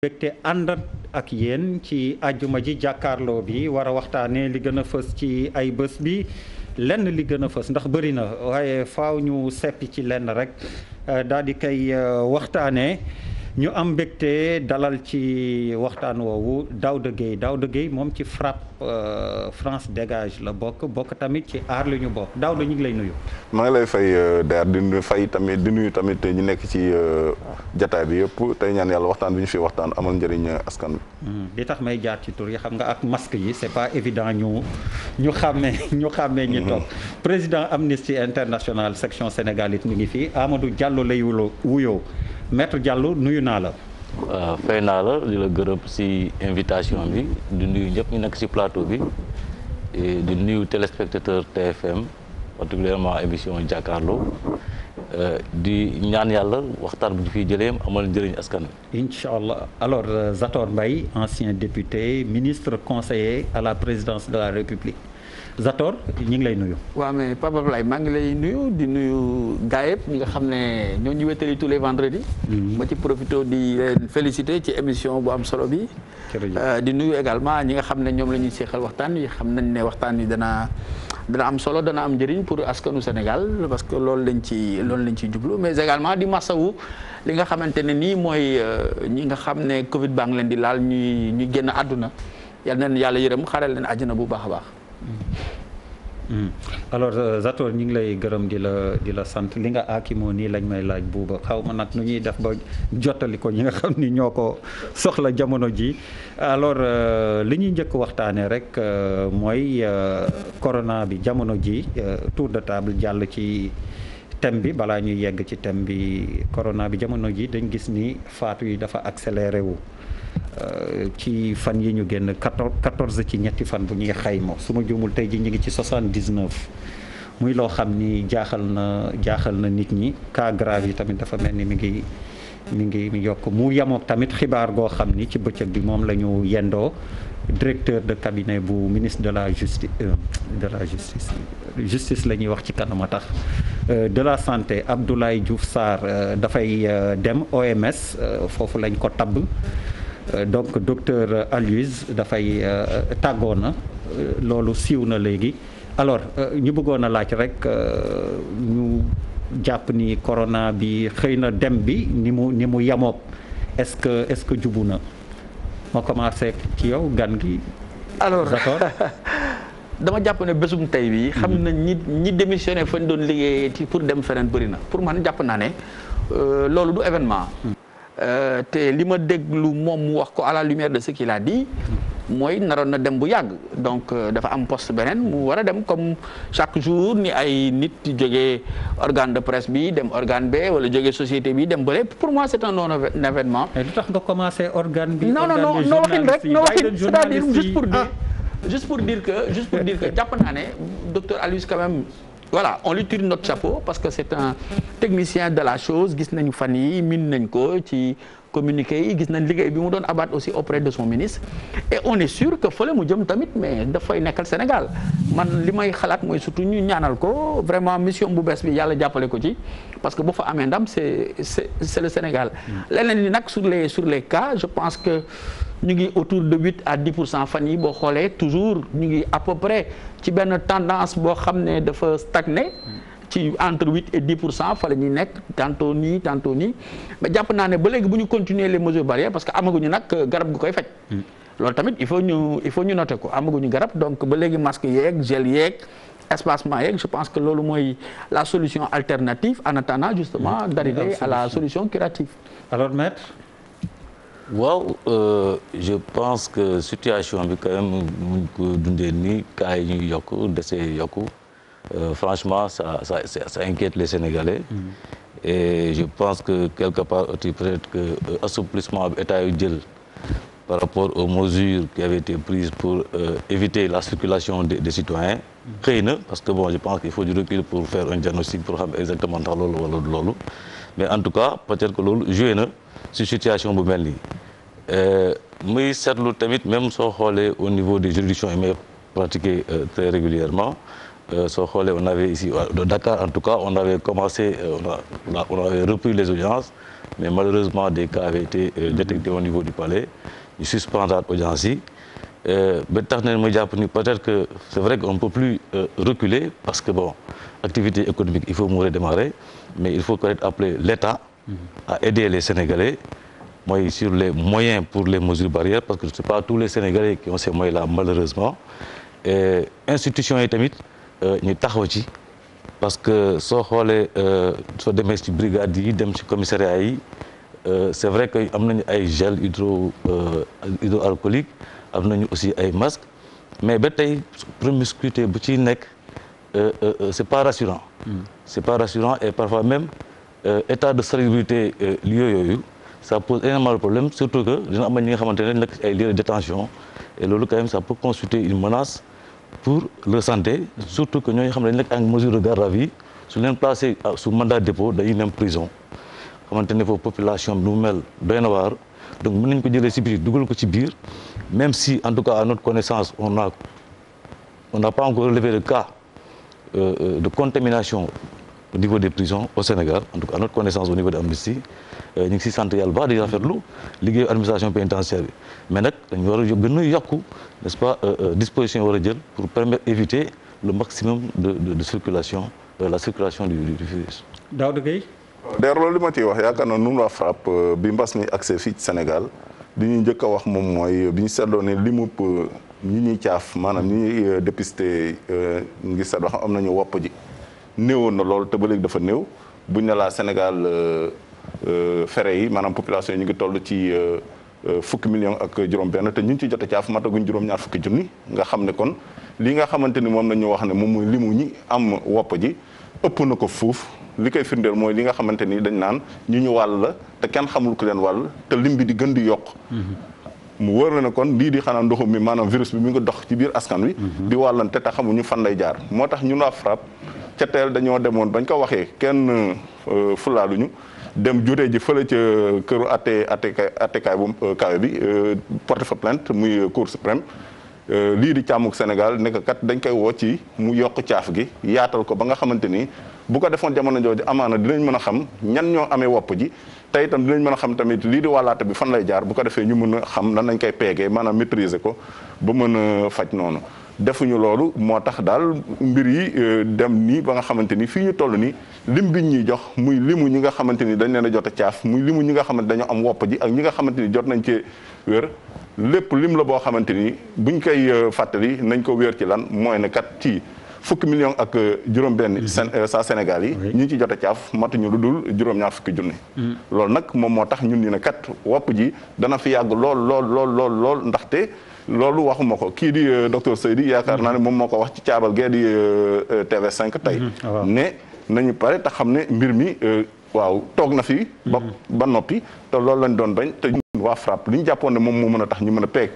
mbégte àndat ak yéen ci àjjuma ji jàkkaarloo bi war a waxtaanee li gën a fës ci ay bës bi lenn li gën a fës ndax bëri na waaye faw ñu seppi ci lenn rek euh, daal di koy euh, waxtaanee ñu am mbégte dalal ci waxtaan woowu daw Gueye daw Gueye moom ci FRAPP Euh, France dégage la bokk bokk tamit ci aar li ñu bokk daaw da ñu ngi lay nuyu. maa ngi lay fay euh, der di fay tamit di nuyu tamit ñu nekk ci euh, jataay bi yëpp tey ñaan yàlla waxtaan bi ñu fi waxtaan amal njëriñ askan bi hmm, li tax may jaar ci tur yi xam nga ak masque yi c'est pas évident ñu ñu xàmmee ñu xàmmee ñi toog hmm. président Amnesty International section Sénégal it ngi fii Amadou Diallo lay wuyoo maître Diallo nuyu naa la. waaw euh, fay naa la di la gërëm ci invitation bi di nuyu ñëpp ñu nekk ci plateau bi di nuyu téléspectateur TFM particulièrement émission jàkkaarloo euh, di ñaan yàlla waxtaan bu ñu fiy jëlee amal njëriñ askan wi. incha allah alors euh, Zator Mbaye ancien député ministre conseiller à la présidence de la République. Zator ñu ngi lay nuyu. waaw mais Pape Abdoulaye maa ngi lay nuyu di nuyu gars yëpp ñi nga xam ne ñoo ñu wétali tous les vendredis. Mhm. ma ci profité di leen félicité ci émission bu am solo bi. Euh, di nuyu également ñi nga xam ne ñoom la ñuy seexal waxtaan wi xam nañ ne waxtaan wi dana dana am solo dana am njëriñ pour askanu Sénégal parce que loolu lañ ci loolu lañ ci jublu mais également di wu li nga xamante ne nii mooy euh, ñi nga xam ne Covid baa ngi leen di laal ñuy ñuy génn àdduna yal na yàlla yërëm xaaral leen àjjana bu baax a baax. Mm. Mm. alors euh, Zator ñu ngi lay gërëm di la di la sant li nga aakimoo nii lañ may laaj buuba xaw ma nag nu ñuy def ba jottali ko ñi nga xam ni ñoo ko soxla jamono ji alors euh, li ñuy njëkk waxtaanee rek euh, mooy corona bi jamono ji tour de table jàll ci thème bi balaa ñuy yegg ci thème bi corona bi jamono ji dañ gis ni faatu yi dafa accéléré wu. ci fan yi ñu génn 14 14 ci ñetti fan bu ñuy xayma su ma juumul tey ji ñu ngi ci 79 muy loo xam ni jaaxal na jaaxal na nit ñi cas grave yi tamit dafa mel ni mi ngi mi ngi yokk mu yemook tamit xibaar goo xam ni ci bëccëg bi moom la ñu yendoo directeur de cabinet bu ministre de la justice euh, de la justice justice ñuy wax ci kanam a tax euh, de la santé Abdoulaye Diouf Sarr euh, dafay dem OMS foofu lañ ko tabb Euh, donc docteur Aloyse dafay euh, tàggoo na euh, loolu siiw na léegi alors ñu bëggoon a laaj rek ñu jàpp ni corona bi xëy na dem bi ni mu ni mu yemoog est-ce que est-ce que jubu na ma commencé ci yow gan gi. alors dama jàpp ne bésum tey bi xam mhm. na ñi ñi fa ñu doon liggéey ci pour dem feneen bëri na pour man jàpp naa ne loolu du événement. Mhm. Euh, te li ma déglu moom mu wax ko à la lumière de ce qu'il a dit mooy naroon na dem bu yàgg donc euh, dafa am poste beneen mu war a dem comme chaque jour ni ay nit jógee organe de presse bi dem organe B wala jógee société bi dem bële pour moi c'est un non événement. mais lu commencé organe bi. non non waxin rek non waxin c'est-à-dire juste pour dire juste pour que juste pour dire que jàpp naa ne docteur Alius voilà on lui tire notre chapeau parce que c'est un technicien de la chose gis nañu fan yi min nañ ko ci communiqué yi gis nañ liggéey bi mu doon abaat aussi auprès de son ministre et on est sûr que fële mu jëm tamit mais dafay nekkal Sénégal man li may xalaat mooy surtout ñu ñaanal ko vraiment mission bu bees bi yàlla jàppale ko ci parce que boo fa amee ndam c'est c'est le Sénégal mm. leneen li nag sur les cas je pense que ñu ngi autour de huit à dix pour cent fan yi boo xoolee toujours ñu ngi à peu près ci benn tendance boo xam ne dafa stagné ci entre huit et dix pour cent fa la nekk tantôt nii tantôt nii mais jàpp naa ne ba léegi bu ñu continuer les mesures barrières parce que amaguñu nag garab gu koy faj. Hmm. loolu tamit il faut ñu il faut ñu noter ko amaguñu garab donc ba léegi masque yeeg gel yeeg. espacement yeeg je pense que loolu mooy la solution alternative en attendant justement hmm. d'arriver à la solution curative alors maître waaw euh, je pense que situation bi quand mu muñ ko dundee nii cas yi ñuy yokk desee yokku euh, franchement ça ça ça inquiète les Sénégalais. Mm-hmm. et je pense que quelque part aussi peut-être que euh, assouplissement bi état yu jël par rapport aux mesures qui avaient été prises pour éviter la circulation des, des citoyens mm-hmm. xëy na parce que bon je pense qu'il faut du recul pour faire un diagnostic pour xam exactement ndax loolu wala loolu mais en tout cas peut-être que loolu joué na ci situation bu mel nii Euh, muy seetlu tamit même soo xoolee au niveau des juridictions IME pratiquées euh, très régulièrement euh, soo xoolee on avait ici de Dakar en tout cas on avait commencé on avait repris les audiences mais malheureusement des cas avaient été détectés au niveau du palais ñu suspendaat audience yi ba tax na ma jàpp ni peut-être que c'est vrai qu'on ne peut plus reculer parce que bon activité économique il faut mu redémarrer mais il faut peut-être appeler l'État mm-hmm. à aider mooy sur les moyens pour les mesures barrières parce que c'est pas tous les Sénégalais qui ont ces moyens-là malheureusement et institutions yi tamit euh, ñu taxaw ci parce que soo xoolee euh, soo demee ci brigade yi dem ci commissariat yi euh, c'est vrai que am nañu ay gel hydro hydroalcoolique am nañu aussi ay masques mais ba tey promiscuité bu ci nekk c'est pas rassurant mm. c'est pas rassurant et parfois même état de salubrité lieu yooyu ça pose énormément de problèmes surtout que dina am ñi nga xamante ne nekk ay lieux de détention et loolu quand même ça peut constituer une menace pour leur santé surtout que ñoo nga xam nañ dañ nekk en mesure de garde à vue su leen placé ah, sous mandat de dépôt dañuy dem prison xamante ne foofu population bi nu mel doy na waar donc mën nañ ko jëlee si biir dugal ko ci biir même si en tout cas à notre connaissance on n'a pas encore relevé de cas euh, euh, de contamination au niveau des prisons au Sénégal en tout cas Euh, ñu ngi siy sant yàlla baax di rafetlu liggéeyu administration pénitentiaire bi mais nag dañu war a gën yokku nest euh, euh, disposition war a jël pour permettre éviter le maximum de de, de circulation de la circulation du du virus. li ma ciy wax yaakaar naa nun waa FRAPP bi mbas mi accès fii ci Sénégal li ñuy njëkk a wax moom mooy bi ñu seetloo ne li mu ñu ñuy caaf maanaam ñi ñuy dépisté ngi seet wax am nañu wopp ji néewoon na loolu te ba léegi dafa néew buñ ne laa Sénégal. Euh, fere yi maanaam population yi ñu ngi toll ci euh, euh, fukki million ak juróom-benn te ñu ngi ci a caaf mataguñ juróom-ñaar fukki junni nga xam ne kon li nga xamante ni moom la wax ne moom mooy limu ñi am wopp ji ëpp na ko fuuf li koy firndeel mooy li nga xamante ni dañ naan ñu ñu la te kenn xamul ku leen wàll te lim bi di gën di yokk. Mm-hmm. wóor na ne kon lii di xanaa ndoxum mi maanaam virus bi mi ngi dox ci biir askan wi. Mm-hmm. di wàllante te xamuñu fan lay jaar moo tax ñun waa FRAPP ca teel dañoo demoon bañ ko waxee kenn fulaaluñu dem juree ji fële ca këru atte atte attekaay bu euh, kawe bi euh, porte fa plainte muy cour suprême euh, lii di càmmuk Sénégal nekk kat dañ koy woo ci mu yokk caaf gi yaatal ko ba nga xamante ni bu ko defoon jamono jooju amaana dinañ mën a xam ñan ñoo amee wopp ji te itam dinañ mën a xam tamit lii di wàllaate bi fan lay jaar bu ko defee ñu mën a xam nan lañ koy peegee maanaam maîtriser ko ba mën a faj noonu defuñu loolu moo tax daal mbir yi euh, dem nii ba nga xamante ni fii ñu toll nii lim biñ ñuy jox muy limu ñi nga xamante ni dañ leen a jot a caaf muy limu ñi nga xamante dañoo am wopp ji ak ñi nga xamante ni jot nañ cee wér lépp lim la boo xamante ni buñ koy euh, fàttali nañ ko wéer ci lan mooy na kat ci fukki million ak euh, juróom-benn sa Sénégal yi ñu ci jot a caaf matuñu lu dul juróom-ñaar fukki junni mm. loolu nag moom moo tax ñun ni ne kat wopp ji dana fi yàgg lool lool lool lool lool ndaxte loolu waxuma ko kii di euh, docteur Seydi yaakaar mm-hmm. naa ne moom moo ko wax ci caabal gee di euh, euh, tv cinq tey mm-hmm. ah, ne nañu pare tax xam ne mbir mi waaw toog na fi mm-hmm. ba noppi te loolu lañ doon bañ te ñun waa FRAPP li ñu jàppoon ne moom moo mën a tax ñu mën a peeg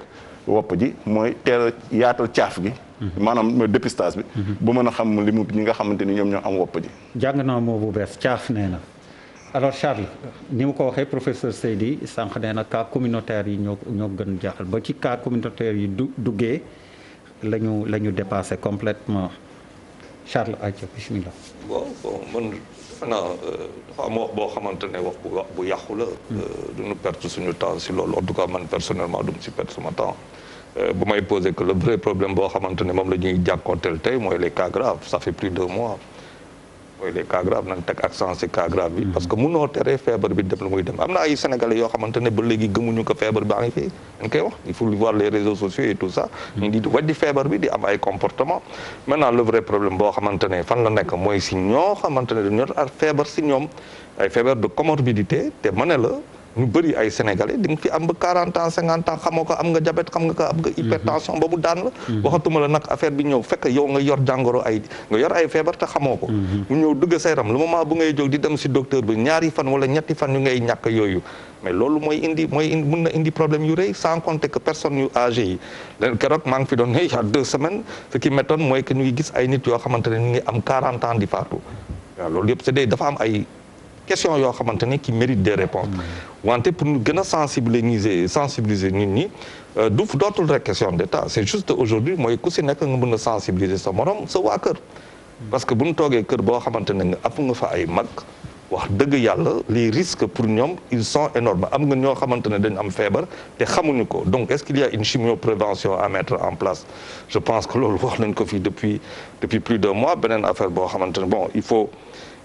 wopp ji mooy teel yaatal caaf gi maanaam dépistage bi bu mën a xam li mu ñi nga xamante ni ñoom ñoo am wopp ji jàng naa moo bu bees caaf nee na alors Charles ni mu ko waxee professeur Seydi sànq nee na cas communautaire yi ñoo ñoo gën jaaxal ba ci cas communautaire yi du duggee la ñu la ñu dépassé complètement Charles Aïcha bismillah bon bon man xanaa dafa am wax boo xamante ne wax bu wax bu yàqu la hmm. euh, duñu perte suñu temps si loolu en tout cas man personnellement du mu si perte sama temps euh, bu may posé que le vrai problème boo xamante ne moom la ñuy jàkkoonteel tey mooy les cas graves ça fait plus deux mois mooy les cas graves accent si cas grave bi parce que mënoo tere feebar bi dem lu muy dem am na ay sénégalais yoo xamante ba léegi gëmuñu ko feebar baa ngi fii dañ koy wax il faut voir les réseaux sociaux et tout ça ñu di weddi feebar bi di am ay comportement maintenant le vrai problème boo xamante fan la nekk mooy si ñoo xamante ne dañoo ar feebar si ñoom ay feebar de comorbidité te ma la ñu bëri ay sénégalais di nga fi am ba 40 ans 50 ans xamoo ko am nga diabète xam nga ko am nga mhm. hypertension ba mu daan la mhm. waxatuma la nag affaire bi ñëw fekk yow nga yor jàngoro ay nga yor ay feebar te xamoo ko mhm. mu ñëw dugg sa yaram le moment bu ngay jóg di dem si docteur bi ñaari fan wala ñetti fan yu ngay ñàkk yooyu mais loolu mooy indi mooy indi mun na indi problème yu rëy sans compter que personne yu âgé yi keroog maa ngi fi doon ne il y a deux semaines mooy que ñu ngi gis ay nit yoo xamante ne ñu ngi am 40 ans di faatu waaw loolu yëpp c'est dafa ay question yoo xamante ne qui mérite des réponses mm. wante pour ñu gën a sensibiliser sensibiliser nit ñi euh, du dootul rek question d'état c'est juste aujourd'hui mooy ku si nekk nga mën a sensibiliser sa morom sa waa kër parce que bu ñu toogee kër boo xamante ne nga app fa ay mag wax dëgg yàlla les risques pour ñoom ils sont énormes am nga ñoo xamante ne dañ am feebar te xamuñu ko donc est-ce qu'il y a une chimioprévention à mettre en place je pense que loolu wax nañ ko fii depuis depuis plus d'un mois beneen affaire boo xamante ne bon il faut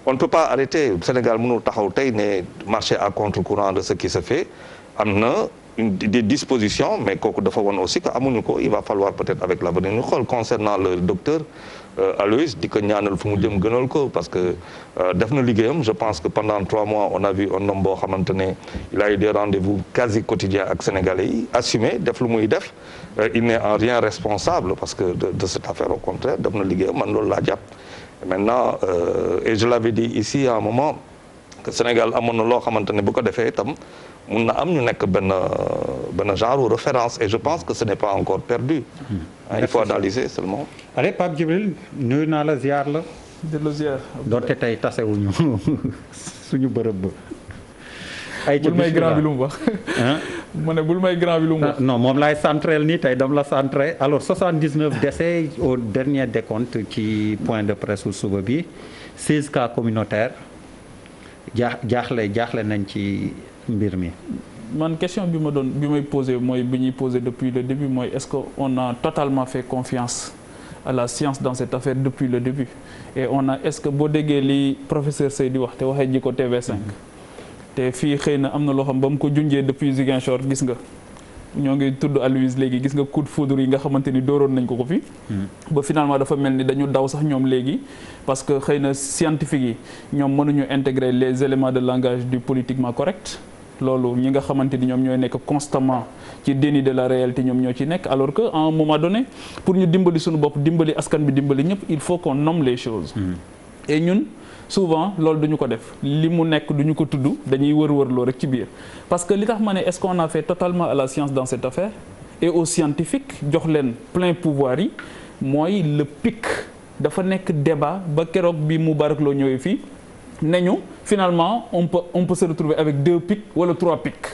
on ne peut pas arrêter Sénégal mënul taxaw tey ne marché à contre-courant de ce qui se fait am na des dispositions mais kooku dafa woon aussi que amuñu ko il va falloir peut-être avec l'avenir ñu xool concernant le docteur euh, Aloïs di ko ñaanal fu mu jëm gënal ko parce que euh, def na liggéeyam je pense que pendant trois mois on a vu un homme boo xamante ne il a eu des rendez-vous quasi quotidiens ak sénégalais yi assumé def lu muy def euh, il n'est en rien responsable parce que de cette affaire au na liggéeyam man loolu laa jàpp maintenant euh, et je l'avais dit ici à un moment que Sénégal amoon na loo xamante ne bu ko defee itam mun na am ñu nekk benn benn genre référence et je pense que ce n'est pas encore perdu. Hmm. il faut analyser seulement. allez Pape Djibril nuyu naa la ziar la. di la ziar. donte tey tasewuñu suñu bërëb ba. ay bul may grand bi mu wax. mu ne bul may grand bi lu mu ah, wax. non moom laay centré nii tey dam la centré alors 79 décès au dernier décompte ci point de presse su suba bi 16 cas communautaires jaax jaaxle jaaxle nañ ci mbir mi. man question bi ma doon bi may posé mooy bi ñuy posé depuis le début mooy est-ce que on a totalement fait confiance à la science dans cette affaire depuis le début et on a est-ce que boo déggee li professeur Seydi wax te waxee ji ko TV5. te fii xëy na am na loo xam ba mu ko junjee depuis Ziguinchor gis nga ñoo ngi tudd Aloyse léegi gis nga coup de yi nga xamante ni dooroon nañ ko ko fii hmm. ba finalement dafa mel ni dañu daw sax ñoom léegi parce que xëy na scientifique yi ñoom mënuñu intégrer les éléments de langage du politiquement correct. loolu ñi nga xamante ni ñoom ñooy nekk constamment ci déni de la réalité ñoom ñoo ci nekk alors que à un moment donné pour ñu dimbali suñu bopp dimbali askan bi dimbali ñëpp il faut qu'on nomme les choses. Hmm. et souvent loolu duñu ko def li mu nekk duñu ko tudd dañuy wër-wërloo rek ci biir parce que li tax ma ne est-ce qu'on a fait totalement à la science dans cette affaire et aux scientifiques jox leen plein pouvoir yi mooy le pic dafa nekk débat ba keroog bi Moubarak Lô ñëwee fii ñu finalement on peut on peut se retrouver avec deux pics wala trois pics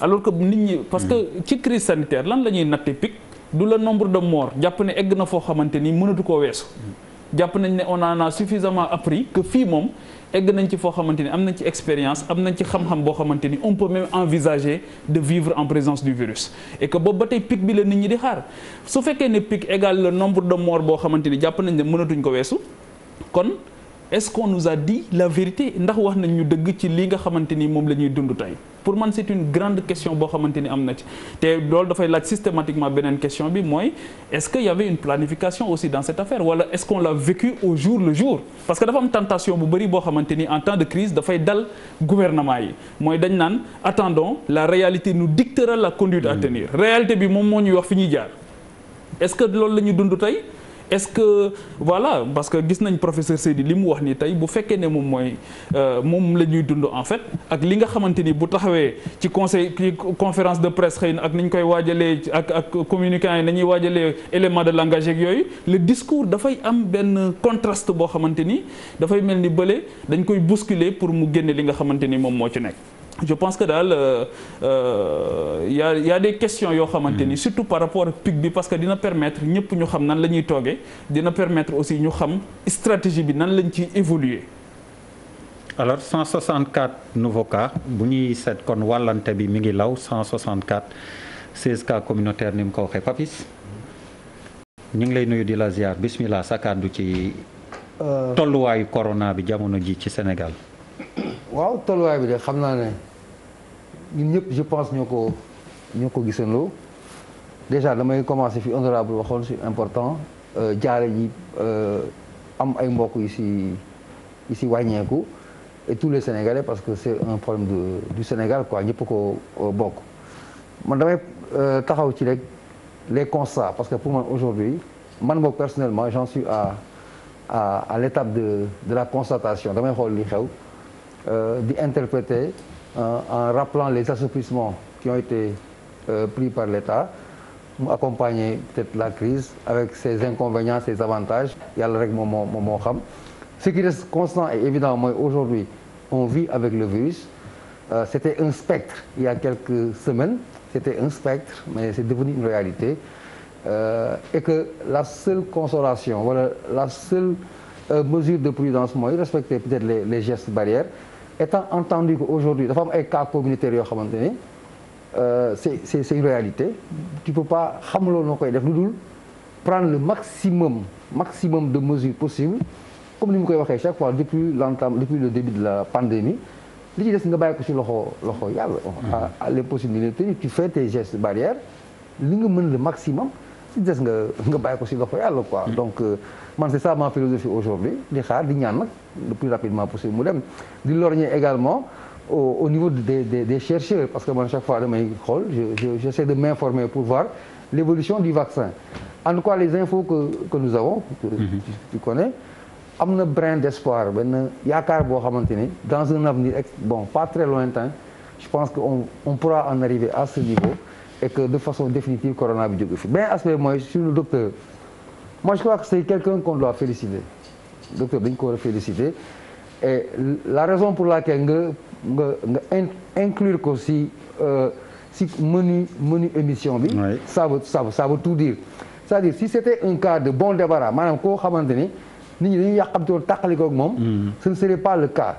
alors que nit ñi parce que hmm. ci crise sanitaire lan la ñuy natte pic du le nombre de morts jàpp ne egg na foo xamante ni mënatu koo weesu hmm. jàpp nañ ne on en a suffisamment appris que fii moom egg nañ ci foo xamante ni am nañ ci expérience am nañ ci xam-xam boo xamante ni on peut même envisager de vivre en présence du virus et que boobu ba tey pic bi la nit ñi di xaar su fekkee ne pic égal nombre de morts boo xamante ni jàpp nañ ne mënatuñ ko weesu kon est-ce qu'on nous a dit la vérité ndax wax nañ ñu dëgg ci lii nga xamante ni moom la ñuy dund tey pour man c'est une grande question boo xamante ni am na ci te loolu dafay laaj systématiquement beneen question bi mooy est-ce que y avait une planification aussi dans cette affaire wala est-ce qu'on l'a vécu au jour le jour parce que dafa am tentation bu bëri boo xamante ni en temps de crise dafay dal gouvernement yi mooy dañ naan attendon la réalité nous dictera la conduite à hmm. tenir bi moom moo ñuy wax fi jaar est-ce que loolu la ñu dund tey est-ce que voilà parce que gis nañ professeur Seydi li mu wax ni tey bu fekkee ne moom mooy euh, moom la ñuy dund en fait ak li nga xamante ni bu taxawee ci conseil ci conférence de presse xëy na ak ni ñu koy waajalee ak ak communicants yi nañuy waajalee élément de langage ak yooyu le discours dafay am benn contraste boo xamante ni dafay mel ni bële dañ koy bousculer pour mu génne li nga xamante ni moom moo ci nekk. je pense que daal euh, euh, yaa a y' a yoo xamante ni mm. surtout par rapport ak pic bi parce que dina permettre ñëpp ñu xam nan la ñuy toogee dina permettre aussi ñu xam stratégie bi nan lañ ci évoluer. alors 164 nouveaux cas bu ñuy seet kon wàllante bi mi ngi law 164 16 cas communautaires ni mu ko waxee Papis ñu ngi lay nuyu di la ziar bismillah sa kàddu ci euh, tolluwaayu corona bi jamono ji ci Sénégal. waaw tolluwaay bi de xam naa ne. ñun ñëpp je pense ñoo ko ñoo ko gisandoo déjà damay commencer fi honorable waxoon c'est important euh, jaare ji euh, am ay mbokk yu si yu si wàññeeku et tous les Sénégalais parce que c'est un problème de du Sénégal quoi ñëpp ko euh, bokk man damay taxaw ci rek les constats parce que pour man aujourd'hui man boog personnellement j'en suis à à à l'étape de de la constatation damay xool li xew di interpréter Euh, en rappelant les assouplissements qui ont été euh, pris par l'État mu accompagner peut-être la crise avec ses inconvénients ses avantages yàlla rek moom moo moo xam ce qui reste constant et évident mooy aujourd'hui on vit avec le virus euh, c'était un spectre il y a quelques semaines un spectre mais c'est devenu une réalité Euh, et que la seule consolation wala voilà, la seule euh, mesure de prudence mooy respecter peut-être les, les gestes barrières étant entendu qu'aujourd'hui dafa am ay cas communautaires yoo xamante ni euh, c'est c'est c'est une réalité tu peux pas xam loolu noo koy def lu dul prendre le maximum maximum de mesures possibles comme ni mu koy waxee chaque fois depuis l'entame depuis le début de la pandémie li ci des nga bàyyi si ci loxo loxo yàlla. Mmh. à l'impossible ni le tenir tu fais tes gestes barrières li nga mën le maximum. ci des nga nga bàyyi ko si loxo yàlla quoi mm. donc euh, man c'est ça ma philosophie aujourd'hui di xaar di ñaan nag le plus rapidement possible mu dem di lorgner également au, au niveau des, des des chercheurs parce que man chaque fois damay xool je j'essaie de m'informer pour voir l'évolution du vaccin en tout cas les infos que nous avons que mm-hmm. connais am na brin d'espoir benn yaakaar boo xamante ni dans un avenir bon pas très lointain je pense que on on pourra en arriver à ce niveau et de façon définitive corona bi jóge fi benn aspect mooy sur le docteur moi je crois que c'est quelqu'un qu'on doit féliciter docteur dañ ko féliciter et la raison pour laquelle nga nga nga inclure ko si euh, si menu menu émission bi ça veut ça veut ça veut tout dire cest dire si c'était un cas de bon débarras maanaam koo xamante ni ni ñi dañuy yàqamte woon tàqalikoog moom mm. ce ne serait pas le cas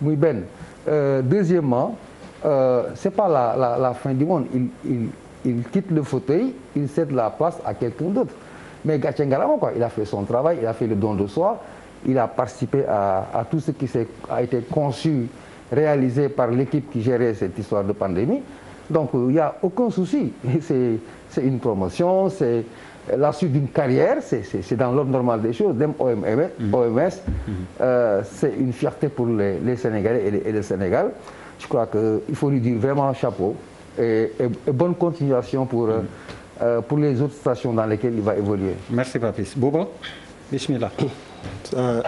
muy benn euh, deuxièmement euh, c'est pas la, la, la, fin du monde. Il, il, il, quitte le fauteuil, il cède la place à quelqu'un d'autre. Mais Gatchengarama, quoi, il a fait son travail, il a fait le don de soi, il a participé à, à tout ce qui a été conçu, réalisé par l'équipe qui gérait cette histoire de pandémie. Donc euh, il n'y a aucun souci. C'est une promotion, c'est la suite d'une carrière, c'est dans l'ordre normal des choses. Même OMS, mhm. mmh. OMS mmh. euh, c'est une fierté pour les, les Sénégalais et, les, et le Sénégal. je crois qu'il faut lui dire vraiment chapeau et, bonne continuation pour, euh, euh, pour les autres stations dans lesquelles il va évoluer. Merci Papis. Bobo, bismillah. Euh,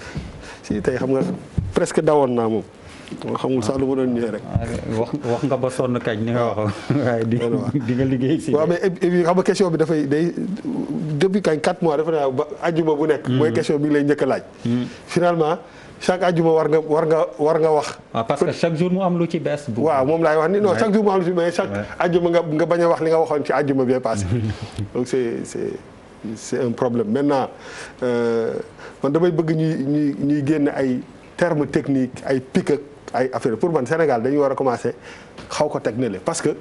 si tey xam nga presque dawoon naa moom. moo xamul sax lu ma doon ñëwee rek. wax wax nga ba sonn kañ ni nga wax waaye di di nga liggéey si. waaw mais xam nga question bi dafay day depuis kañ 4 mois dafa naa ah, ba ajjuma bu nekk. Hmm. mooy question bi ngi lay njëkk a laaj. Hmm. finalement. chaque ajuma war nga war nga war nga wax. waaw ah, parce que chaque jour mu am lu ci bees. bu waaw moom laay wax ni non chaque jour mu am lu ci mais chaque ajuma nga nga bañ a wax li nga waxoon ci ajuma bi passé donc c'est c'est c'est un problème maintenant euh, man damay bëgg ñuy ñuy ñuy génn ay termes techniques ay pic ak ay affaires pour man Sénégal dañu war a commencer xaw ko teg ne parce que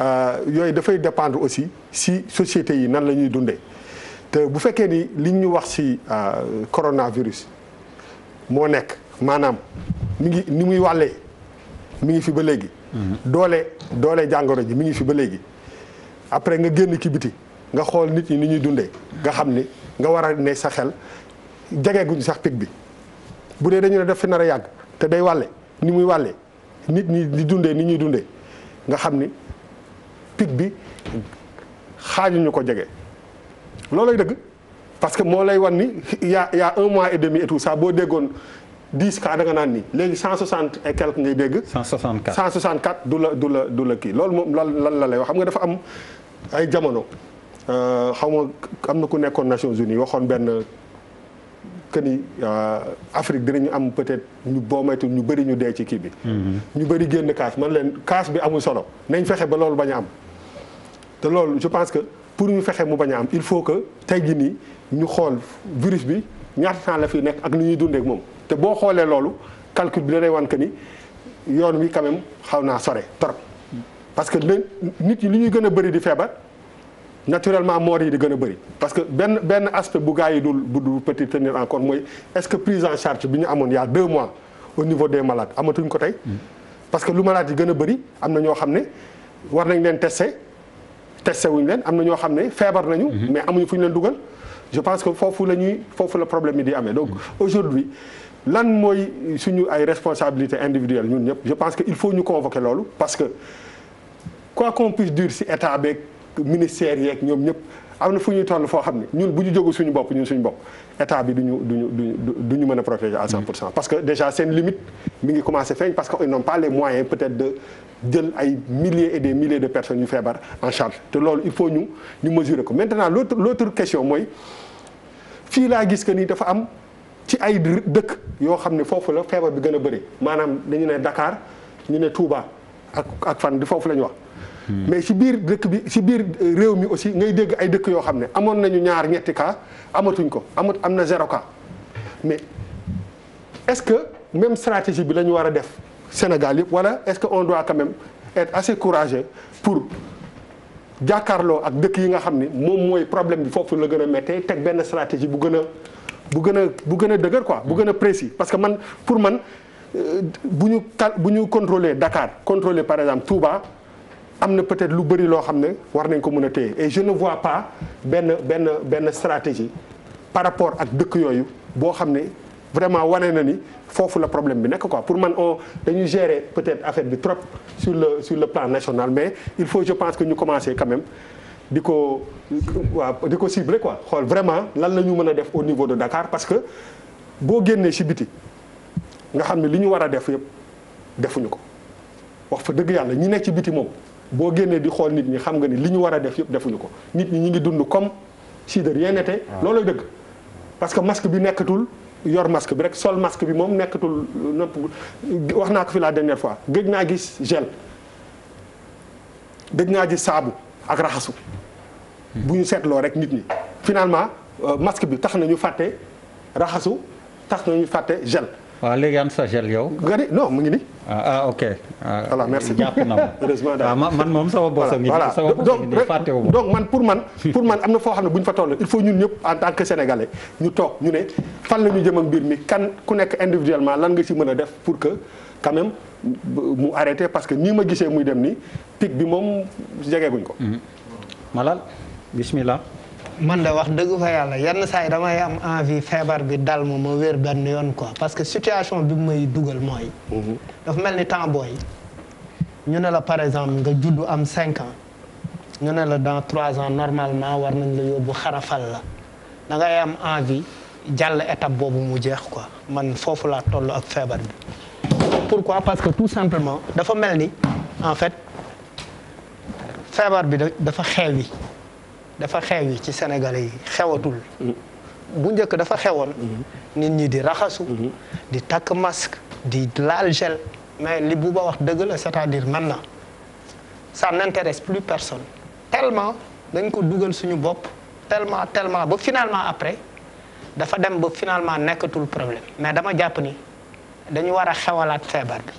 euh, yooyu dafay dépendre aussi si sociétés yi nan la ñuy dundee te bu fekkee ni liñ ñu wax ci euh, coronavirus. moo nekk maanaam mi ngi ni muy wàllee mi ngi fi ba léegi. Mhm. doole doole jàngoro ji mi ngi fi ba léegi. après nga génn ci biti nga xool nit ñi ni ñuy dundee nga xam ni nga war a ne sa xel jegeguñ sax pic bi bu dee dañu ne daf fi nar a yàgg te day wàlle ni muy wàlle nit ñi di dundee ni ñuy dundee nga xam ni pic bi xaajuñu ko jege loolu loolay dëgg. parce que moo lay wan ni y' a y' a un mois et demi et tout ça boo déggoon 10 cas da naan ni léegi 160 et quelque ngay dégg. 164 164 du la du la du la kii loolu moom lan lan la lay wax xam nga dafa am ay jamono euh, xaw ma am na ku nekkoon Nations Unies waxoon benn. que ni euh, Afrique dinañu am peut-être ñu boo moytu ñu bëri ñu dee ci kii bi. Mm-hmm. ñu bëri génn kaas man leen kaas bi amul solo nañ fexe ba loolu bañ a am te loolu je pense que. pour ñu fexe mu bañ am il faut que tey jii nii ñu xool virus bi ñaata temps la fi nekk ak nu ñuy dundee moom te boo xoolee loolu calcul bi da lay wan que ni yoon wi quand même xaw naa sore trop. parce que nit ñi li ñuy gën a bëri di feebar naturellement moor yi di gën a parce que benn benn aspect bu gaa yi dul bu dul peut-être tenir mooy est-ce que prise en charge bi ñu amoon il a deux mois au niveau des malades amatuñ ko tey. Mm. parce que lu malade yi gën a bëri am na ñoo xam ne war nañ leen tester. testé wuñu leen am na ñoo xam ne feebar nañu. Mhm. mais amuñu fu ñu leen dugal. je pense que foofu la ñuy foofu la problème yi di amee donc mhm. aujourd'hui lan mooy suñu ay responsabilité individuelle ñun ñëpp je pense que il faut ñu convoquer loolu parce que quoi qu'on puisse dire ci état beeg ministère yeeg ñoom ñëpp. am na fu ñuy toll foo xam ne ñun bu ñu jógul suñu bopp ñun suñu bopp état bi duñu duñu duñu du ñu mën a protéger pour cent parce que déjà seen limite mi ngi commencé feeñ parce que ils n'ont pas les moyens peut-être de des milliers de personnes yu feebar en te loolu il faut ñu ñu mesurer ko maintenant l'autre l'autre question mooy fii laa gis que nii dafa am ci ay dëkk yoo xam ne foofu la feebar bi gën a bëri maanaam dañu ne dakaar ñu ne tuubaa ak fan di foofu la ñu wax Hmm. mais si biir dëkk bi si biir euh, réew mi aussi ngay dégg ay dëkk yoo xam ne amoon nañu ñaar ñetti cas amatuñ ko amat am na zéro cas mais est-ce que même stratégie bi la ñu war a def Sénégal wala est-ce que on doit quand même être pour jàkkaarloo ak dëkk yi nga xam ni moom mooy problème bi foofu la gën a méttee teg benn stratégie bu gën a bu gën a bu gën a dëgër quoi bu gën a précis parce que man pour man euh, bu ñu bu ñu contrôler dakaar contrôler par exemple Touba am na peut-être lu bëri loo xam ne war nañ ko mën a téye et je ne vois pas benn benn benn stratégie par rapport ak dëkk yooyu boo xam ne vraiment wane na ni foofu la problème bi nekk ko pour man on dañuy gérer peut-être affaire bi trop sur le sur le plan national mais il faut je pense que ñu commencer quand même di ko waaw di ko cibler quoi xool vraiment lan la ñu mën a def au niveau de Dakar parce que boo génnee si biti nga xam ne li ñu war a def yëpp defuñu ko wax fa dëgg yàlla ñi nekk ci biti moom. boo génnee di xool nit ñi xam nga ni li ñu war a def yëpp defuñu ko nit ñi ñu ngi dund comme si de rien n'était ah. dëgg parce que masque bi nekkatul yor masque bi rek sol masque bi moom nekkatul nopp wax naa ko fi la dernière fois gëj naa gis gel gëj naa gis saabu ak raxasu bu ñu seetloo rek nit ñi finalement euh, masque bi tax na ñu fàtte raxasu tax na ñu fàtte gel waaw léegi am sa gel yow. nga ni non ah, ah, ah, na ma heureusement daal man moom sama bopp a ngi nii man pour man pour man am na foo xam ne bu ñu fa toll il faut ñun ñëpp en tant ñu toog ñu ne fan la ñu jëm ak mbir mi kan ku nekk individuellement lan nga ci mën a def pour que quand même mu arrêté parce que nii ma gisee muy dem ni pic bi moom guñ ko. Mm-hmm. Malal bismillah. man de wax dëgg fa yàlla yenn saa yi damay am envie feebar bi dal ma ma wér benn yoon quoi parce que situation bi may dugal mooy. Mhm. dafa mel ni temps booy. ne la par exemple nga juddu am cinq ans ne la dans trois ans normalement war nañ la yóbbu xarafal la da ngay am envie jàll étape boobu mu jeex ko man foofu laa toll ak feebar bi. pourquoi parce que tout simplement dafa mel ni en fait feebar bi dafa xeewi. dafa xew yi ci Sénégalais yi xewatul. bu njëkk dafa xewoon. nit ñi di raxasu. di takk masque di laal gel mais li bu ba wax dëgg la c'est-à-dire maintenant ça n'intéresse plus personne tellement dañ ko duggal suñu bopp telement tellement ba finalement après dafa dem ba finalement nekkatul problème mais dama jàpp ni dañu war a xewalaat feebar bi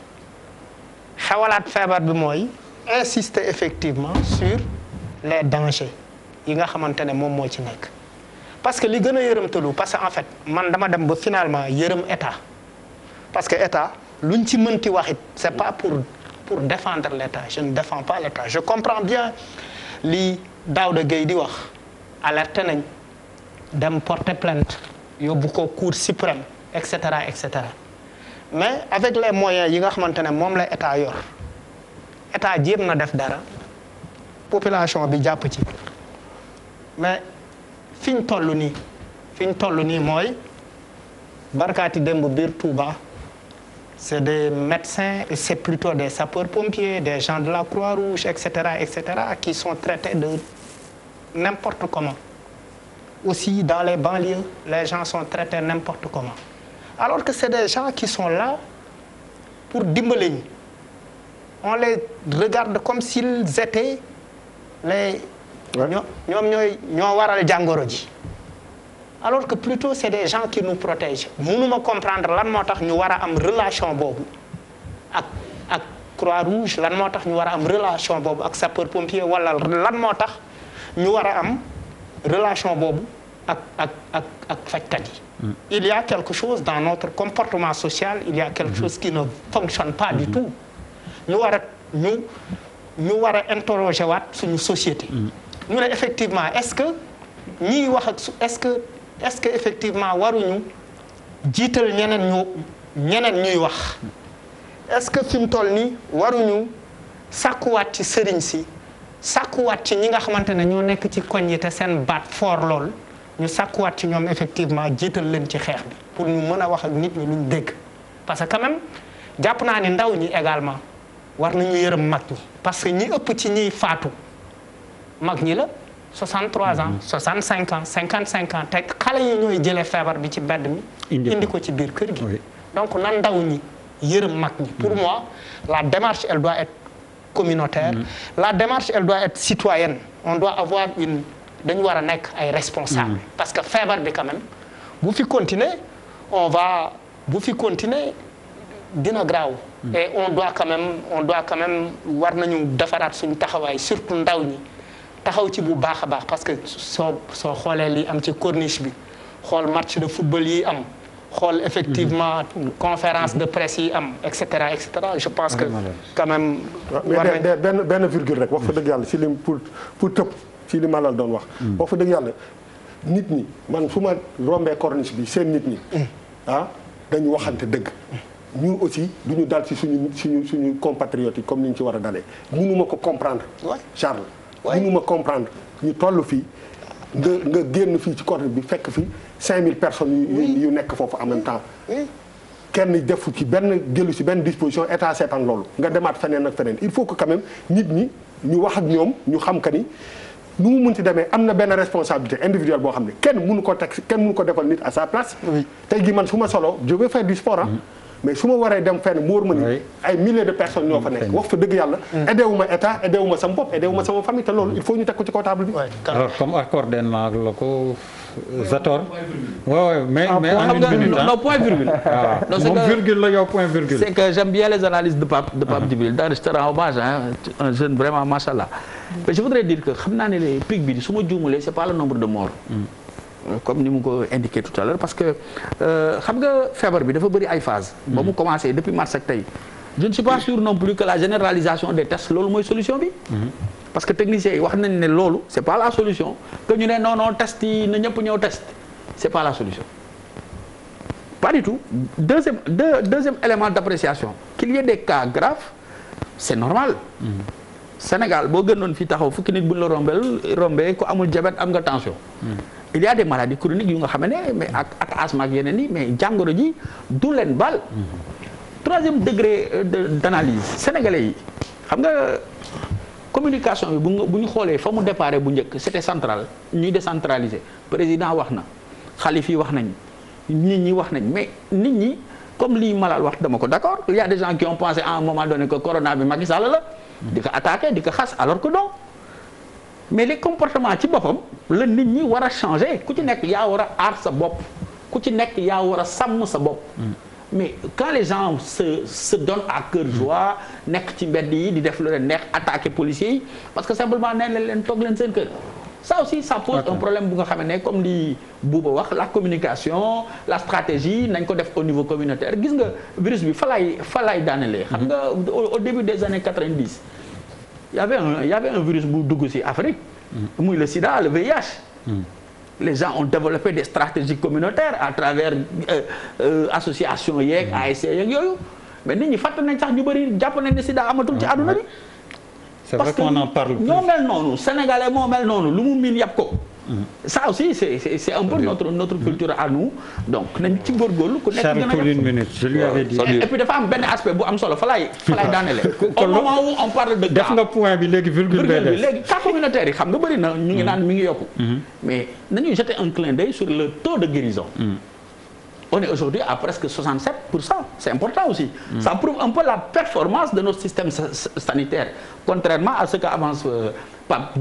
xewalaat feebar bi mooy insister effectivement sur les dangers. yi nga xamante ne moom moo ci nekk parce que li gën a yërëmtalu parce que en fait man dama dem ba finalement yërëm état parce que état luñ ci mënti wax it c'est pas pour pour défendre l'état je ne défends pas l'état je comprends bien li Daouda Gueye di wax alerté nañ dem porte plainte yóbbu ko cour suprême et cetera et cetera mais avec les moyens yi nga xamante ne moom la état yor état jéem na def dara population bi jàpp ci mais fi ñu toll nii fi ñu toll nii mooy barkaati démb biir Touba c'est des médecins et c'est plutôt des sapeurs-pompiers des gens de la Croix-Rouge et cetera et cetera qui sont traités de n'importe comment aussi dans les banlieues les gens sont traités n'importe comment alors que c'est des gens qui sont là pour dimbali on les regarde comme s'ils étaient les ñoo ñoom ñooy ñoo waral jàngoro ji alors que plutôt c'est des gens qui nous protègent ma comprendre lan moo tax ñu war a am relation boobu ak ak croix rouge lan moo tax ñu war a am relation boobu ak sapeur pompier wala lan moo tax ñu war a am relation boobu ak ak ak ak fajkat yi mm. il y a quelque chose dans notre comportement social il y a quelque mm-hmm. chose qui ne fonctionne pas du mm-hmm. tout ñu war a ñu ñu war a interroger waat suñu société mm. ñu ne effectivement est-ce que ñiy wax ak su est-ce que est-ce que effectivement waruñu jiital ñeneen ñu ñeneen ñuy wax est-ce que fi mu toll nii waruñu sàkkuwaat ci sëriñ si sàkkuwaat ci ñi nga xamante ne ñoo nekk ci koñ yi te seen baat foor lool ñu sàkkuwaat ci ñoom effectivement jiital leen ci xeex bi pour ñu mën a wax ak nit ñi luñ dégg parce que quand jàpp naa ni ndaw ñi également war nañu yërëm mag ñi parce que ñi ëpp ci ñiy faatu mag ñi la 63 ans 65 mhm. ans 55 cinquante te xale yi ñooy jëlee feebar bi ci bedd mi indi ko ci biir kër gi donc na ndaw ñi yërëm mag ñi pour mhm. moi la démarche elle doit être communautaire mhm. la démarche elle doit être citoyenne on doit avoir une dañu war a nekk ay responsable parce que feebar bi quand bu fi continuer on va bu fi continuer dina graaw et on doit quand on doit quand war nañu defaraat suñu taxawaay surtout ndaw ñi taxaw ci bu baax a baax parce que soo soo xoolee li am ci corniche bi xool match de football yi am. xool effectivement mhm. conférence de presse yi am et cetera et cetera je pense ah, que quand même. war benn benn virgule rek wax fa mm. dëgg yàlla ci li pour pour tëb ci li ma la doon wax. Mm. wax fa dëgg yàlla nit ñi man suma ma rombee corniche bi seen nit ñi. Mm. ah dañu waxante dëgg. ñun aussi du ñu dal ci suñu suñu suñu compatriotes yi comme ni ñu ci war a dalee mënuma ko comprendre. Charles. mënuma comprendre ñu toll fii nga nga génn fii ci côté bi fekk fi 5000 personnes yu nekk foofu en même temps kenn defu ci benn jëlu ci benn disposition état seetaan loolu nga demaat feneen ak feneen il faut que quand même nit ñi ñu wax ak ñoom ñu xam que ni nu mu munti demee am na benn responsabilité individuelle boo xam ne kenn mënu ko teg kenn mënu ko defal nit à sa place tey jii man su ma solo je vais faire du sport mais su ma waree dem fenn mu wóor ma ni ay milliers de personnes ñoo fa nekk wax fa dëgg yàlla mm. aidé wu ma état aidé wu bopp aidé wu famille te loolu il faut ñu teg ko ci kaw bi comme accordé naa la ko euh, Zator waaw ah, mais ah, mais en une minute point virgule ah. non c'est que virgule la yow point virgule c'est que j'aime bien les analyses de Pape de Pape Djibril dans restaurant hommage un jeune vraiment machallah mm. je voudrais dire que xam naa ne les pic bi su ma juumalee c'est pas le nombre de morts mm. comme ni mu ko indiqué tout à parce que euh, xam nga feebar bi dafa bëri ay phase ba mu hmm. commencé depuis mars ak tey je ne suis pas sûr non plus que la généralisation des tests loolu mooy solution bi hmm. parce que techniciens yi wax nañ ne loolu c'est pas la solution que ñu ne non non test yi na ñëpp ñëw test c'est pas la solution pas du tout deuxième deux, deuxième élément d'appréciation qu'il y des cas graves c'est normal mm-hmm. Sénégal boo gënoon fii taxaw fukki nit buñ la rombeel rombee ku amul jabet am nga tension hmm. il y a des maladies chroniques yu nga xam ne mais ak ak asthme yeneen yi mais jàngoro ji du leen bal troisième degré euh, d'analyse sénégalais yi xam nga communication bi bu ñu xoolee fa mu déparé bu njëkk c'était centrale ñuy décentraliser président wax na xalif yi wax nañ nit ñi wax nañ mais nit ñi comme lii Malal wax dama ko d'accord il y a des gens qui ont pensé un moment donné que corona bi Macky Sall di ko attaqué di ko xas alors que non mais les comportements ci boppam la nit ñi war a changer ku ci nekk yaa war a aar sa bopp ku ci nekk yaa war a sàmm sa bopp. Mm. mais quand les gens se se donnent à cœur mm. joie nekk ci mbedd yi di def lu leen neex attaquer policiers yi parce que simplement nee na leen toog leen seen kër. ça aussi ça pose okay. un problème bu nga xam ne comme li Bouba wax la communication la stratégie nañ ko def au niveau communautaire gis nga virus bi fa laay fa laay daanelee. xam mm. nga au début des années 90. y avait un y avait virus bu dugg ci Afrique. muy le sida le VIH. les gens ont développé des stratégies communautaires à travers euh, euh, association yeeg ASC yeeg yooyu mais nit ñi fàttali nañ sax ñu bëri jàpp nañ ne sida amatul ci àdduna bi. c'est vrai qu'on en parle plus. ñoo mel noonu sénégalais moo noonu lu mu miin yàpp ko. Mm-hmm. ça aussi c'est un peu notre mm-hmm. culture à nous donc nañ ci góorgóorlu ku nekk gën a yàq pour une minute je lui avais dit et puis dafa aspect bu am solo fa laay fa laay daanele au parle de def nga point bi léegi virgule bi léegi cas communautaire yi xam nga bëri na ñu ngi mm-hmm. naan mi ngi yokku mais nañuy jeter un clin d'œil sur le taux de guérison on est aujourd'hui à presque 67 pour cent c'est important aussi mm. ça prouve un peu la sanitaire contrairement à que avance euh, Pape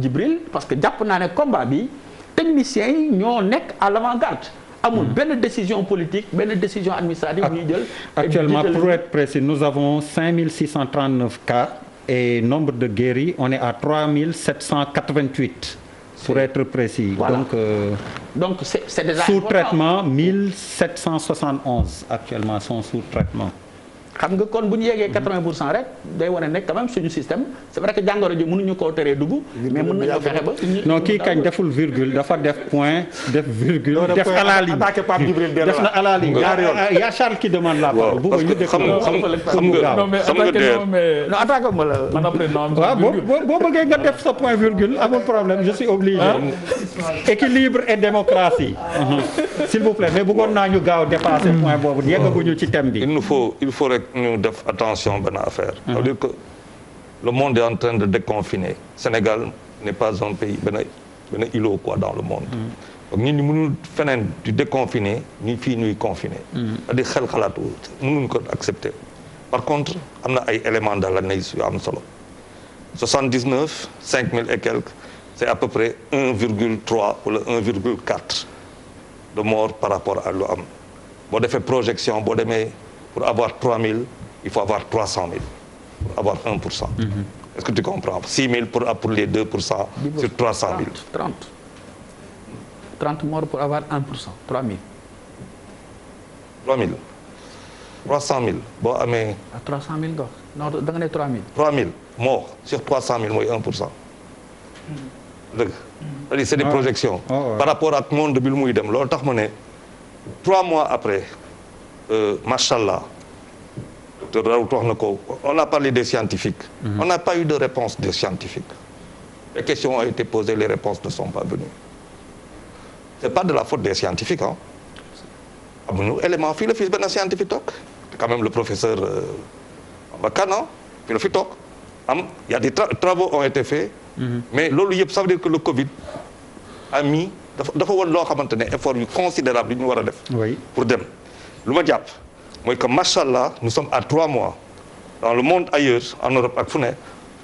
parce que jàpp naa ne combat bi techniciens yi ñoo nekk à lavant amul hmm. benn décision politique benn décision administrative ñuy jël actuellement pour être précis nous avons 5639 cas et nombre de guéris on est à 3788 pour être précis voilà. donc euh, donc c'est, c'est déjà sous traitement 1771 actuellement sont sous traitement xam nga kon bu ñu yeggee 80 mhm. pour cent rek day war a nekk quand suñu système c'est vrai que jàngoro ji mënuñu koo teree dugg. mais mën nañoo fexe ba. non kii kañ deful virgule dafa def point def virgule. def à la ligne def na à la ligne. y a ah, Charles qui demande la parole. ñu def xam nga xam nga xam nga de. def sa point virgule amul problème je suis obligé. Ah. équilibre et démocratie. Ah. s'il vous plaît mais bëggoon naa ñu gaaw dépasser point boobu yeggaguñu ci thème bi. rek ñu def attention benn affaire. ça veut dire que le monde est en train de déconfiner Sénégal n'est pas un pays benn benn îlot quoi dans le monde. ni ñun ñu mënul feneen di déconfiner ñu fii ñuy confiner. Mm-hmm. c'est-à-dire xel xalaatu mënuñ ko accepter. par contre am na ay éléments dans l'analyse yu am solo 79 5000 et quelques c'est à peu près 1,3 wala 1,4 de morts par rapport à lu am boo defee projection boo demee. Pour avoir 3 000, il faut avoir 300 000. Pour avoir 1 mm -hmm. Est-ce que tu comprends 6 000 pour, pour les 2 sur 300 000. 30. 30 morts pour avoir 1 3 000. 3 000. mille boo amee. 300 000 gox non da nga ne 3 000. 3 000 morts sur 300 000 mooy 1 pour cent. Hmm. dëgg hmm. c'est des ah. projections. Ah, par rapport ak monde bi lu muy dem loolu tax ma ne 3 mois après. Euh, macha allah docteur Raoult wax na ko on a parlé des scientifiques. Mhm. on n'a pas eu de réponse des scientifiques. les questions ont été posées les réponses ne sont pas venues c'est pas de la faute des scientifiques ah. amuñu élément fii la fii benn scientifique toog te quand même le professeur Bakane ah fi toog am il y a des travaux ont été faits. Mhm. mais loolu yëpp ça veut dire que le Covid a mis dafa dafa woon loo xamante ne effort yu considérable yu ñu war a def. pour dem. lu ma jàpp mooy que macha allah nous sommes à trois mois dans le monde ailleurs en Europe ak fu ne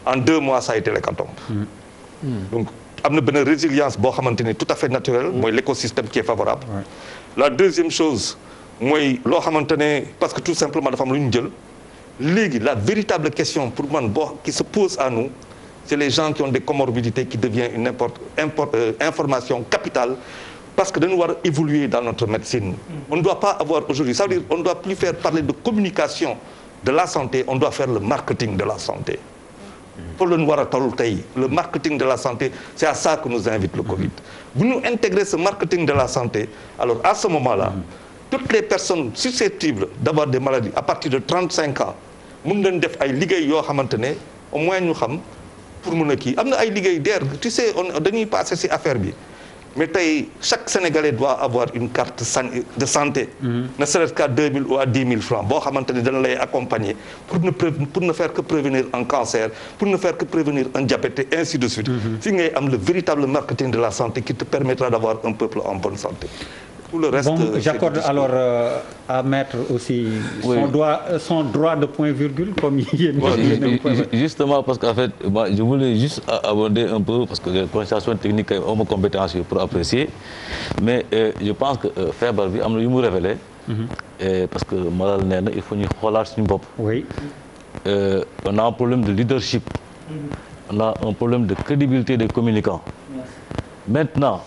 en deux mois ça a été l'hécatombe hmm. donc am na benn résilience boo xamante ni tout à fait naturelle hmm. mooy l'écosystème qui est favorable la deuxième chose mooy loo xamante ne parce que tout simplement dafa am lu ñu jël léegi la véritable question pour man boo qui se pose à nous c'est les gens qui ont des comorbidités qui devient une import, import, euh, information capitale parce que dañu war a évoluer dans notre médecine on ne doit pas avoir aujourd'hui ça veut on ne doit plus faire parler de communication de la santé on doit faire le marketing de la santé pour le war a toll tey le marketing de la santé c'est à ça que nous invite le Covid bu ñu intégrer ce marketing de la santé alors à ce moment-là toutes les personnes susceptibles d'avoir des maladies à partir de 35 ans mën nañ def ay liggéey yoo xamante ne au moins ñu xam pour mën kii am na ay liggéey DER tu affaire bi mais tey chaque Sénégalais doit avoir une carte de santé. Mhm. ne serait qu'à ou à francs boo xamante ni dana lay accompagner pour ne pour ne faire que prévenir un cancer pour ne faire que prévenir un diabète ainsi de suite. Mhm. fi am le véritable marketing de la santé qui te permettra d'avoir un peuple en bonne santé. tout le reste. Bon, euh, j'accorde alors euh, à mettre aussi oui. son, droit, son de point virgule comme yéen. Ouais, justement parce qu'en fait bah, je voulais juste aborder un peu parce que les constations techniques am ma pour apprécier mais euh, je pense que euh, feebar bi am na yu mu révélé. Mhm. parce que Malal nee na il faut ñu xoolaat suñu bopp. oui euh, on a un problème de leadership. Mhm. on a un problème de crédibilité des communicants. Yes. maintenant.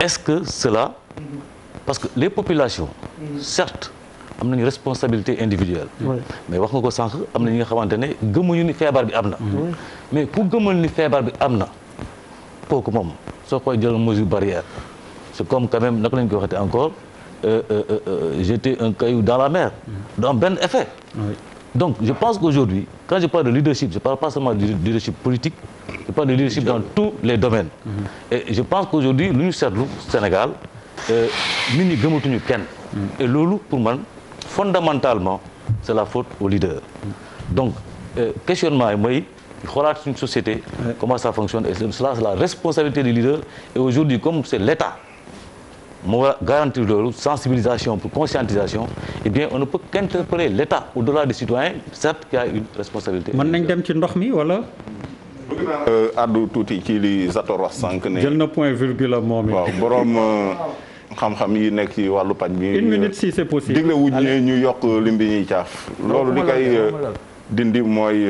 est-ce que cela. Mhm. parce que les populations mm. certes am nañu responsabilité individuelle mais wax nga ko sànq am na ñi nga xamante ne gëmuñu ni feebar bi am na mais ku gëmul ni feebar bi am na kooku moom soo koy jël mesure barrière c'est comme quand même naka lañ koy waxatee encore euh, euh, euh, te un caillou dans la mer du am mm. benn effet donc je pense qu'aujourd'hui quand je parle de leadership je parle pas seulement de leadership politique je parle de leadership dans tous les domaines mm-hmm. et je pense qu'aujourd'hui lu ñu seetlu Sénégal Euh, nit u gëmatuñu kenn. et loolu pour man fondamentalement c' est la faute au leader. donc euh, questionnement yi mooy xoolaat suñu société. comment ça fonctionne et cela la responsabilité du leader et aujourd'hui comme c' est l' état moo garantir loolu sensibilisation pour conscientisation et eh bien on ne peut qu'interpeller l' état au-delà des citoyens certes qui a une responsabilité. mën nañ dem ci ndox mi wala. bëgg euh, naa tuuti ci li Zator wax sànq ne. jël na point virgule moom waaw borom euh, xam-xam yi nekk ci wàllu paj bi. une minute si c'est possible. digle wuñ ne ñu yokk lim bi ñuy caaf. loolu li koy euh, dindi mooy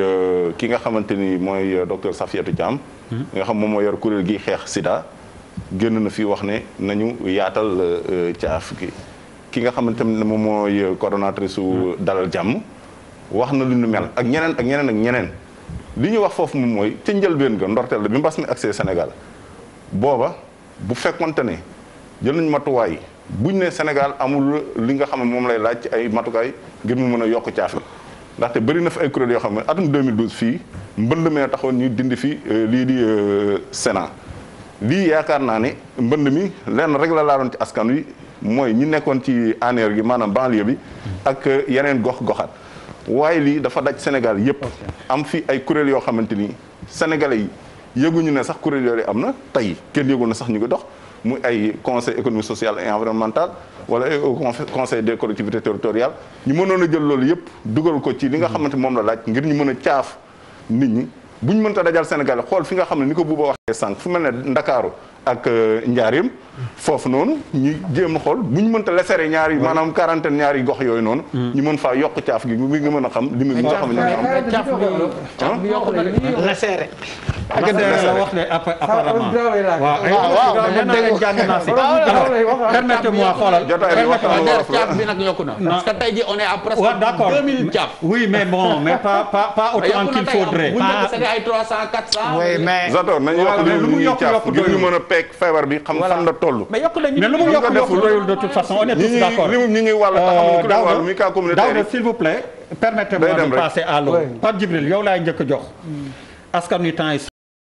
ki nga xamante ni mooy docteur Safiatou Thiam. Hmm. nga xam moom moo yor kuréel gi xeex Sida. génn na fi wax ne nañu yaatal caaf gi ki nga xamante ne moom mooy coordonnatrice wu hmm. dalal jàmm wax na lu nu mel ak ñeneen ak ñeneen ak ñeneen. li ñu wax foofu moom mooy ca njëlbeen ga ndorteel la bi mbas mi accès Sénégal booba bu fekkonte ne jël nañ matuwaay buñ ne Sénégal amul li nga xam ne moom lay laaj ci ay matukaay ngir mu mën a yokk caafi ndaxte bëri na fi ay kuréel yoo xam ne atum 2012 fii mbënd mee taxoon ñu dindi fi euh, lii di euh, Sénat lii yaakaar naa ne mbënn mi lenn rek la laaloon ci askan wi mooy ñi nekkoon ci aneer gi maanaam banlieue bi ak euh, yeneen gox goxaat waaye lii dafa daj Sénégal yëpp. am fi ay kuréel yoo xamante ni sénégalais yi yëguñu ne sax kuréel yooyu am na tey kenn yëgu na sax ñu ngi dox muy ay conseil économique social et environnemental wala conseil des collectivités territoriales ñu mënoon a jël loolu yëpp dugal ko ci li nga mm-hmm. xamante moom la laaj ngir ñu mën a caaf nit ñi bu ñu mën mënta dajal Sénégal xool fi nga xam ne ni ko buuba wax sànq fu mel ne ndakaaru ak euh, njaarim foofu noonu ñu jéem a xool bu ñu mënta lesere ñaar yi maanaam quarantaine ñaar yi gox yooyu noonu hmm. ñu mën faa yokk caaf gi mu ngi mën a xam li mu ngi nga xam ne ñoo lesere ak da wax ne apparemment waaw dégg jàng naa si alors permettez-moi xoolal caaf bi nag yokku na parce que tey ji on a à presque d'accord deux mille caaf oui mais bon mais ah, lu mu yokk yokk doyul ngir ñu mën a peeg feebar bi xam fan la toll. mais yokk nañu lu mu yokk yokk doyul de toute façon on est tous d'accord ñi ñi ñi wàll taxamuñu euh, vous plaît permettez-moi de passer à l'eau Pape Djibril yow laay njëkk jox mm. askan wi temps